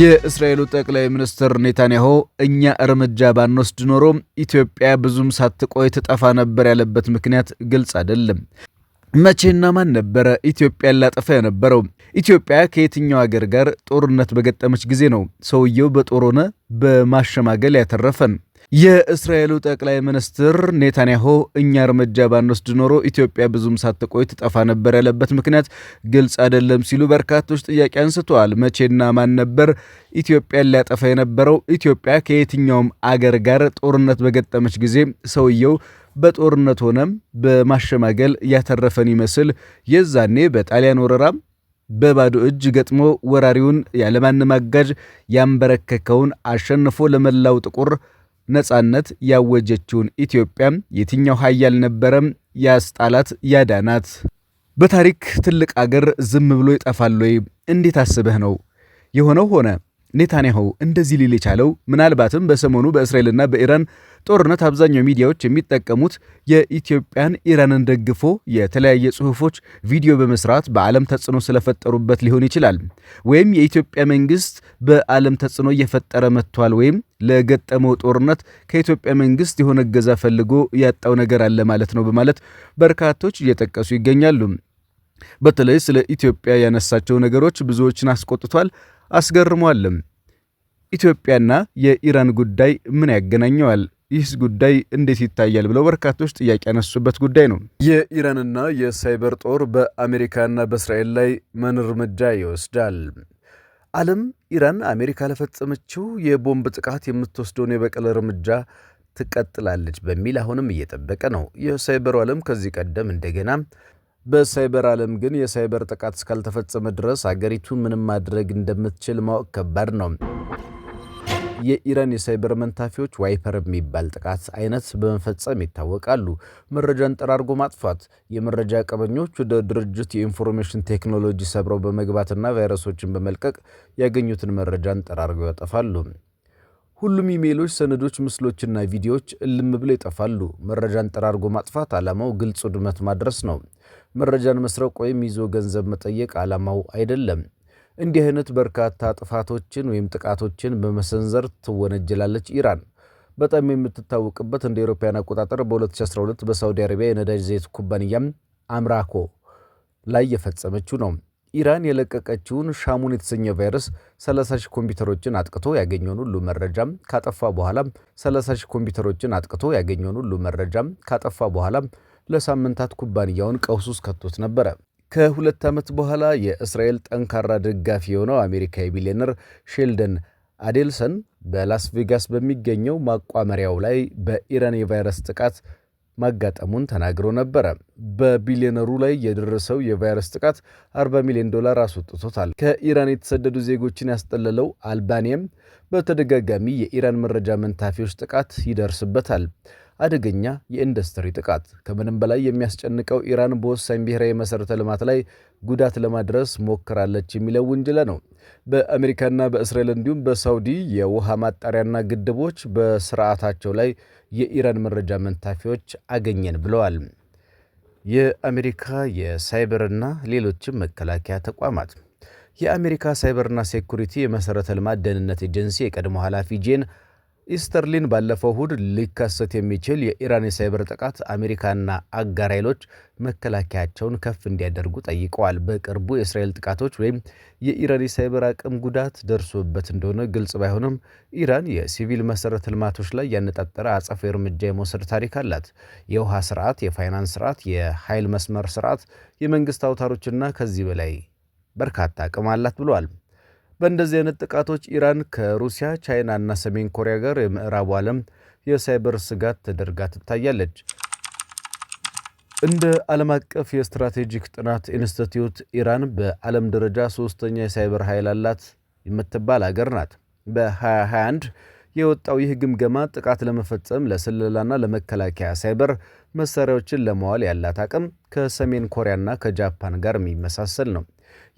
የእስራኤሉ ጠቅላይ ሚኒስትር ኔታንያሁ እኛ እርምጃ ባንወስድ ኖሮ ኢትዮጵያ ብዙም ሳትቆይ ትጠፋ ነበር ያለበት ምክንያት ግልጽ አይደለም። መቼና ማን ነበረ ኢትዮጵያን ላጠፋ የነበረው? ኢትዮጵያ ከየትኛው አገር ጋር ጦርነት በገጠመች ጊዜ ነው ሰውየው በጦር ሆነ በማሸማገል ያተረፈን? የእስራኤሉ ጠቅላይ ሚኒስትር ኔታንያሁ እኛ እርምጃ ባንወስድ ኖሮ ኢትዮጵያ ብዙም ሳትቆይ ትጠፋ ነበር ያለበት ምክንያት ግልጽ አይደለም ሲሉ በርካቶች ጥያቄ አንስተዋል። መቼና ማን ነበር ኢትዮጵያን ሊያጠፋ የነበረው? ኢትዮጵያ ከየትኛውም አገር ጋር ጦርነት በገጠመች ጊዜ ሰውየው በጦርነት ሆነም በማሸማገል ያተረፈን ይመስል የዛኔ በጣሊያን ወረራም በባዶ እጅ ገጥሞ ወራሪውን ያለማንም አጋዥ ያንበረከከውን አሸንፎ ለመላው ጥቁር ነጻነት ያወጀችውን ኢትዮጵያ የትኛው ኃያል ነበረም ያስጣላት ያዳናት? በታሪክ ትልቅ አገር ዝም ብሎ ይጠፋል ወይ? እንዴት አስበህ ነው? የሆነው ሆነ። ኔታንያሁ እንደዚህ ሊል የቻለው ምናልባትም በሰሞኑ በእስራኤልና በኢራን ጦርነት አብዛኛው ሚዲያዎች የሚጠቀሙት የኢትዮጵያን ኢራንን ደግፎ የተለያየ ጽሑፎች፣ ቪዲዮ በመስራት በዓለም ተጽዕኖ ስለፈጠሩበት ሊሆን ይችላል። ወይም የኢትዮጵያ መንግስት በዓለም ተጽዕኖ እየፈጠረ መጥቷል፣ ወይም ለገጠመው ጦርነት ከኢትዮጵያ መንግስት የሆነ እገዛ ፈልጎ ያጣው ነገር አለ ማለት ነው በማለት በርካቶች እየጠቀሱ ይገኛሉ። በተለይ ስለ ኢትዮጵያ ያነሳቸው ነገሮች ብዙዎችን አስቆጥቷል። አስገርሟልም። ኢትዮጵያና የኢራን ጉዳይ ምን ያገናኘዋል? ይህስ ጉዳይ እንዴት ይታያል? ብለው በርካቶች ጥያቄ ያነሱበት ጉዳይ ነው። የኢራንና የሳይበር ጦር በአሜሪካና በእስራኤል ላይ ምን እርምጃ ይወስዳል? ዓለም ኢራን አሜሪካ ለፈጸመችው የቦምብ ጥቃት የምትወስደውን የበቀል እርምጃ ትቀጥላለች በሚል አሁንም እየጠበቀ ነው። የሳይበሩ ዓለም ከዚህ ቀደም እንደገና በሳይበር ዓለም ግን የሳይበር ጥቃት እስካልተፈጸመ ድረስ አገሪቱ ምንም ማድረግ እንደምትችል ማወቅ ከባድ ነው። የኢራን የሳይበር መንታፊዎች ዋይፐር የሚባል ጥቃት አይነት በመፈጸም ይታወቃሉ። መረጃን ጠራርጎ ማጥፋት። የመረጃ ቀበኞች ወደ ድርጅት የኢንፎርሜሽን ቴክኖሎጂ ሰብረው በመግባትና ቫይረሶችን በመልቀቅ ያገኙትን መረጃን ጠራርገው ያጠፋሉ። ሁሉም ኢሜይሎች፣ ሰነዶች፣ ምስሎችና ቪዲዮዎች እልም ብለው ይጠፋሉ። መረጃን ጠራርጎ ማጥፋት ዓላማው ግልጽ ውድመት ማድረስ ነው። መረጃን መስረቅ ወይም ይዞ ገንዘብ መጠየቅ ዓላማው አይደለም። እንዲህ አይነት በርካታ ጥፋቶችን ወይም ጥቃቶችን በመሰንዘር ትወነጀላለች ኢራን። በጣም የምትታወቅበት እንደ አውሮፓውያን አቆጣጠር በ2012 በሳውዲ አረቢያ የነዳጅ ዘይት ኩባንያም አምራኮ ላይ የፈጸመችው ነው። ኢራን የለቀቀችውን ሻሙን የተሰኘ ቫይረስ 30 ሺህ ኮምፒውተሮችን አጥቅቶ ያገኘውን ሁሉ መረጃ ካጠፋ በኋላ 30 ሺህ ኮምፒውተሮችን አጥቅቶ ያገኘውን ሁሉ መረጃ ካጠፋ በኋላ ለሳምንታት ኩባንያውን ቀውስ ውስጥ ከቶት ነበረ። ከሁለት ዓመት በኋላ የእስራኤል ጠንካራ ደጋፊ የሆነው አሜሪካዊ ቢሊዮነር ሼልደን አዴልሰን በላስ ቬጋስ በሚገኘው ማቋመሪያው ላይ በኢራን የቫይረስ ጥቃት ማጋጠሙን ተናግሮ ነበረ። በቢሊዮነሩ ላይ የደረሰው የቫይረስ ጥቃት 40 ሚሊዮን ዶላር አስወጥቶታል። ከኢራን የተሰደዱ ዜጎችን ያስጠለለው አልባኒያም በተደጋጋሚ የኢራን መረጃ መንታፊዎች ጥቃት ይደርስበታል። አደገኛ የኢንዱስትሪ ጥቃት። ከምንም በላይ የሚያስጨንቀው ኢራን በወሳኝ ብሔራዊ መሠረተ ልማት ላይ ጉዳት ለማድረስ ሞክራለች የሚለው ውንጅለ ነው። በአሜሪካና በእስራኤል እንዲሁም በሳውዲ የውሃ ማጣሪያና ግድቦች በስርዓታቸው ላይ የኢራን መረጃ መንታፊዎች አገኘን ብለዋል። የአሜሪካ የሳይበርና ሌሎችም መከላከያ ተቋማት የአሜሪካ ሳይበርና ሴኩሪቲ የመሠረተ ልማት ደህንነት ኤጀንሲ የቀድሞ ኃላፊ ጄን ኢስተርሊን ባለፈው እሁድ ሊከሰት የሚችል የኢራን የሳይበር ጥቃት አሜሪካና አጋር ኃይሎች መከላከያቸውን ከፍ እንዲያደርጉ ጠይቀዋል። በቅርቡ የእስራኤል ጥቃቶች ወይም የኢራን የሳይበር አቅም ጉዳት ደርሶበት እንደሆነ ግልጽ ባይሆንም ኢራን የሲቪል መሰረተ ልማቶች ላይ ያነጣጠረ አጸፋዊ እርምጃ የመውሰድ ታሪክ አላት። የውሃ ስርዓት፣ የፋይናንስ ስርዓት፣ የኃይል መስመር ስርዓት፣ የመንግስት አውታሮችና ከዚህ በላይ በርካታ አቅም አላት ብለዋል። በእንደዚህ አይነት ጥቃቶች ኢራን ከሩሲያ፣ ቻይና እና ሰሜን ኮሪያ ጋር የምዕራቡ ዓለም የሳይበር ስጋት ተደርጋ ትታያለች። እንደ ዓለም አቀፍ የስትራቴጂክ ጥናት ኢንስቲትዩት ኢራን በዓለም ደረጃ ሶስተኛ የሳይበር ኃይል አላት የምትባል አገር ናት። በ2021 የወጣው ይህ ግምገማ ጥቃት ለመፈጸም ለስለላና ለመከላከያ ሳይበር መሳሪያዎችን ለመዋል ያላት አቅም ከሰሜን ኮሪያና ከጃፓን ጋር የሚመሳሰል ነው።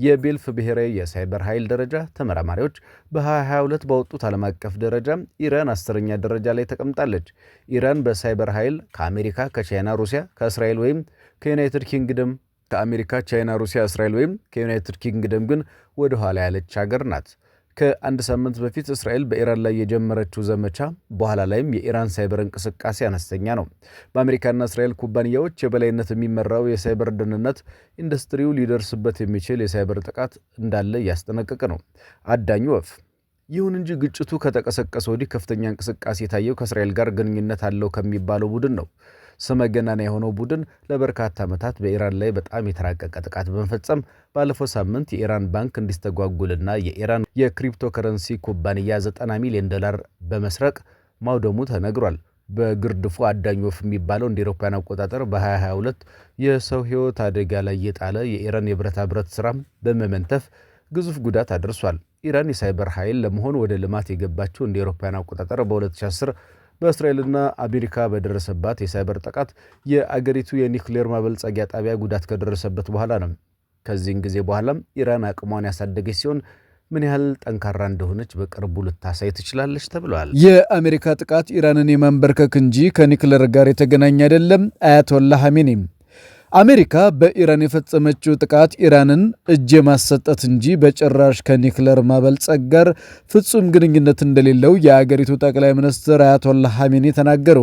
የቤልፍ ብሔራዊ የሳይበር ኃይል ደረጃ ተመራማሪዎች በ2022 በወጡት ዓለም አቀፍ ደረጃ ኢራን አስረኛ ደረጃ ላይ ተቀምጣለች። ኢራን በሳይበር ኃይል ከአሜሪካ፣ ከቻይና፣ ሩሲያ፣ ከእስራኤል ወይም ከዩናይትድ ኪንግደም ከአሜሪካ፣ ቻይና፣ ሩሲያ፣ እስራኤል ወይም ከዩናይትድ ኪንግደም ግን ወደኋላ ያለች ሀገር ናት። ከአንድ ሳምንት በፊት እስራኤል በኢራን ላይ የጀመረችው ዘመቻ በኋላ ላይም የኢራን ሳይበር እንቅስቃሴ አነስተኛ ነው። በአሜሪካና እስራኤል ኩባንያዎች የበላይነት የሚመራው የሳይበር ደህንነት ኢንዱስትሪው ሊደርስበት የሚችል የሳይበር ጥቃት እንዳለ እያስጠነቀቀ ነው አዳኙ ወፍ። ይሁን እንጂ ግጭቱ ከተቀሰቀሰ ወዲህ ከፍተኛ እንቅስቃሴ የታየው ከእስራኤል ጋር ግንኙነት አለው ከሚባለው ቡድን ነው። ስመገናና የሆነው ቡድን ለበርካታ ዓመታት በኢራን ላይ በጣም የተራቀቀ ጥቃት በመፈጸም ባለፈው ሳምንት የኢራን ባንክ እንዲስተጓጉልና የኢራን የክሪፕቶ ከረንሲ ኩባንያ 90 ሚሊዮን ዶላር በመስረቅ ማውደሙ ተነግሯል። በግርድፉ አዳኝ ወፍ የሚባለው እንደ አውሮፓውያን አቆጣጠር በ2022 የሰው ሕይወት አደጋ ላይ የጣለ የኢራን የብረታ ብረት ስራም በመመንተፍ ግዙፍ ጉዳት አድርሷል። ኢራን የሳይበር ኃይል ለመሆን ወደ ልማት የገባችው እንደ አውሮፓውያን አቆጣጠር በ2010 በእስራኤልና አሜሪካ በደረሰባት የሳይበር ጥቃት የአገሪቱ የኒውክሌር ማበልጸጊያ ጣቢያ ጉዳት ከደረሰበት በኋላ ነው። ከዚህን ጊዜ በኋላም ኢራን አቅሟን ያሳደገች ሲሆን ምን ያህል ጠንካራ እንደሆነች በቅርቡ ልታሳይ ትችላለች ተብለዋል። የአሜሪካ ጥቃት ኢራንን የማንበርከክ እንጂ ከኒክለር ጋር የተገናኘ አይደለም። አያቶላ ሐሜኒም አሜሪካ በኢራን የፈጸመችው ጥቃት ኢራንን እጅ የማሰጠት እንጂ በጭራሽ ከኒክለር ማበልጸግ ጋር ፍጹም ግንኙነት እንደሌለው የአገሪቱ ጠቅላይ ሚኒስትር አያቶላ ሐሜኒ ተናገሩ።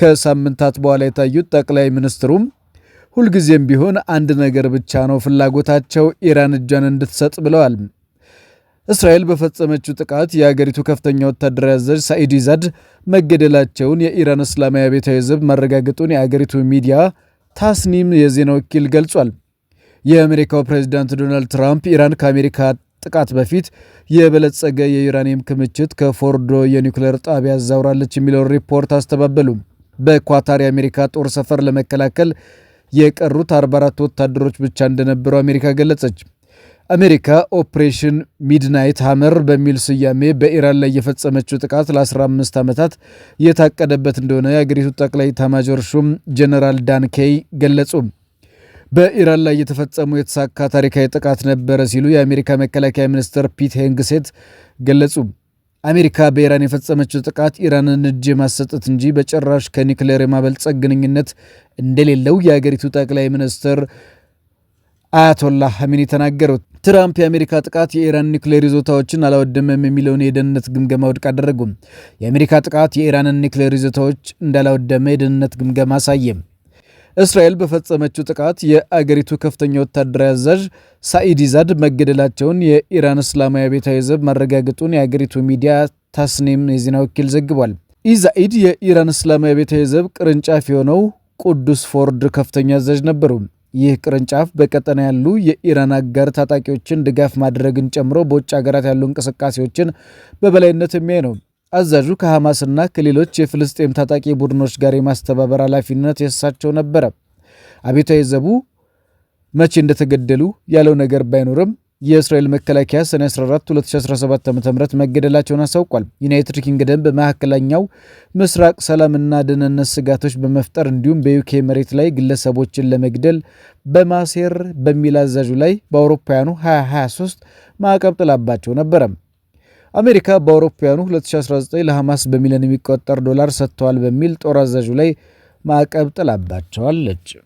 ከሳምንታት በኋላ የታዩት ጠቅላይ ሚኒስትሩም ሁልጊዜም ቢሆን አንድ ነገር ብቻ ነው ፍላጎታቸው፣ ኢራን እጇን እንድትሰጥ ብለዋል። እስራኤል በፈጸመችው ጥቃት የአገሪቱ ከፍተኛ ወታደራዊ አዛዥ ሳኢድ ኢዛድ መገደላቸውን የኢራን እስላማዊ ቤታዊ ዘብ ማረጋገጡን የአገሪቱ ሚዲያ ታስኒም የዜና ወኪል ገልጿል። የአሜሪካው ፕሬዚዳንት ዶናልድ ትራምፕ ኢራን ከአሜሪካ ጥቃት በፊት የበለጸገ የዩራኒየም ክምችት ከፎርዶ የኒውክሌር ጣቢያ አዛውራለች የሚለውን ሪፖርት አስተባበሉ። በኳታር የአሜሪካ ጦር ሰፈር ለመከላከል የቀሩት 44 ወታደሮች ብቻ እንደነበሩ አሜሪካ ገለጸች። አሜሪካ ኦፕሬሽን ሚድናይት ሐመር በሚል ስያሜ በኢራን ላይ የፈጸመችው ጥቃት ለ15 ዓመታት የታቀደበት እንደሆነ የአገሪቱ ጠቅላይ ኤታማዦር ሹም ጀነራል ዳን ኬይ ገለጹ። በኢራን ላይ የተፈጸሙ የተሳካ ታሪካዊ ጥቃት ነበረ ሲሉ የአሜሪካ መከላከያ ሚኒስትር ፒት ሄንግሴት ገለጹ። አሜሪካ በኢራን የፈጸመችው ጥቃት ኢራንን እጅ የማሰጠት እንጂ በጭራሽ ከኒክሌር የማበልጸግ ግንኙነት እንደሌለው የአገሪቱ ጠቅላይ ሚኒስትር አያቶላህ ሀሚኒ ተናገሩት። ትራምፕ የአሜሪካ ጥቃት የኢራን ኒክሌር ይዞታዎችን አላወደመም የሚለውን የደህንነት ግምገማ ውድቅ አደረጉ። የአሜሪካ ጥቃት የኢራንን ኒክሌር ይዞታዎች እንዳላወደመ የደህንነት ግምገማ አሳየ። እስራኤል በፈጸመችው ጥቃት የአገሪቱ ከፍተኛ ወታደራዊ አዛዥ ሳኢድ መገደላቸውን የኢራን እስላማዊ ቤታዊ ዘብ ማረጋገጡን የአገሪቱ ሚዲያ ታስኒም የዜና ወኪል ዘግቧል። ኢዛኢድ የኢራን እስላማዊ ቤታዊ ዘብ ቅርንጫፍ የሆነው ቅዱስ ፎርድ ከፍተኛ አዛዥ ነበሩ። ይህ ቅርንጫፍ በቀጠና ያሉ የኢራን አጋር ታጣቂዎችን ድጋፍ ማድረግን ጨምሮ በውጭ ሀገራት ያሉ እንቅስቃሴዎችን በበላይነት የሚያይ ነው። አዛዡ ከሐማስና ከሌሎች የፍልስጤም ታጣቂ ቡድኖች ጋር የማስተባበር ኃላፊነት የሳቸው ነበረ። አቤቷ የዘቡ መቼ እንደተገደሉ ያለው ነገር ባይኖርም የእስራኤል መከላከያ ሰኔ 14 2017 ዓ ም መገደላቸውን አሳውቋል። ዩናይትድ ኪንግደም በመካከለኛው ምስራቅ ሰላምና ደህንነት ስጋቶች በመፍጠር እንዲሁም በዩኬ መሬት ላይ ግለሰቦችን ለመግደል በማሴር በሚል አዛዡ ላይ በአውሮፓውያኑ 2023 ማዕቀብ ጥላባቸው ነበረ። አሜሪካ በአውሮፓውያኑ 2019 ለሐማስ በሚሊዮን የሚቆጠር ዶላር ሰጥተዋል በሚል ጦር አዛዡ ላይ ማዕቀብ ጥላባቸዋለች።